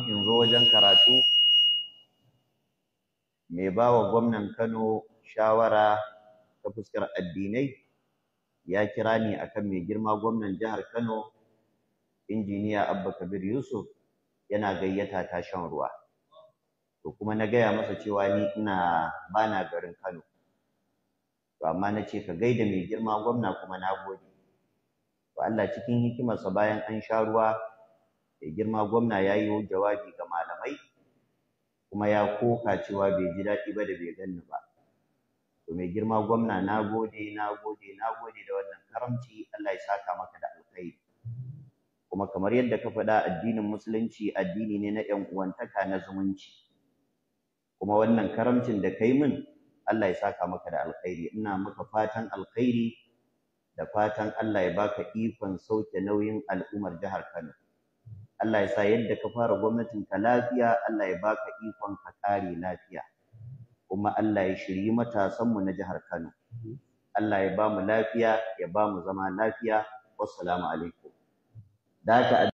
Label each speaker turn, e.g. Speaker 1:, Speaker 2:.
Speaker 1: kafin in zo wajen karatu mai ba wa gwamnan Kano shawara ta fuskar addinai ya kira ni akan mai girma gwamnan jihar Kano injiniya Abba Kabir Yusuf yana gayyata ta shan ruwa to kuma na gaya masa cewa ni ina bana garin Kano to amma na ce ka gaida mai girma gwamna kuma na gode to Allah cikin hikimarsa bayan an sha ruwa girma gwamna ya yi jawabi ga malamai kuma ya koka cewa bai ji daɗi ba da bai ganni ba to mai girma gwamna na gode
Speaker 2: na gode na gode da wannan karamci Allah ya saka maka da alkhairi
Speaker 1: kuma kamar yadda ka faɗa addinin musulunci addini ne na ƴan uwantaka na zumunci kuma wannan karamcin da kai min Allah ya saka maka da alkhairi ina maka fatan alkhairi da fatan Allah ya baka ikon sauke nauyin al'ummar jihar Kano Allah ya sa yadda ka fara gwamnatin ka lafiya Allah ya baka ikon ka kare lafiya kuma Allah ya shiryi matasanmu na jihar Kano Allah ya ba mu lafiya ya ba mu zama lafiya wassalamu alaikum da